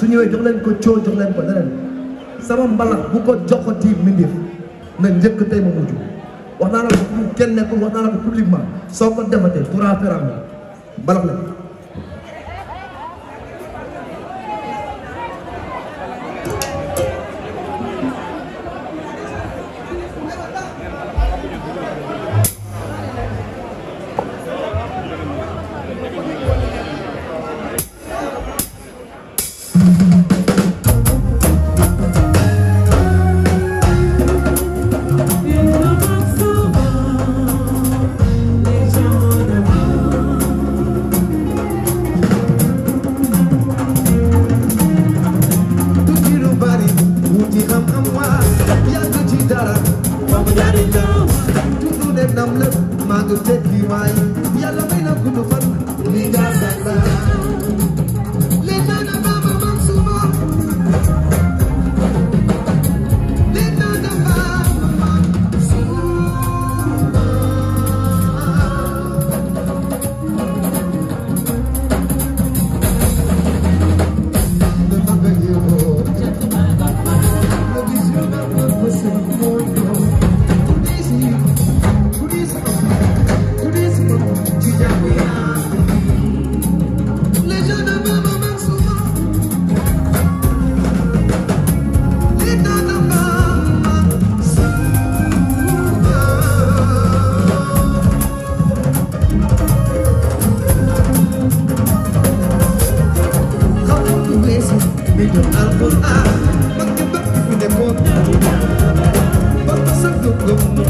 su ñëwee jox leen ko coow jox leen ko leneen sama mbalax bu ko joxati mbindeef na njëkk tey ma mujj wax naa la ko kenn nekkul wax naa la ko publiquement soo ko dematee pour affaire am mbalax la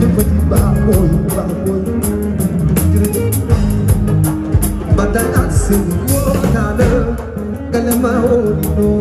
But I answer, what I know, Kalamao, you know.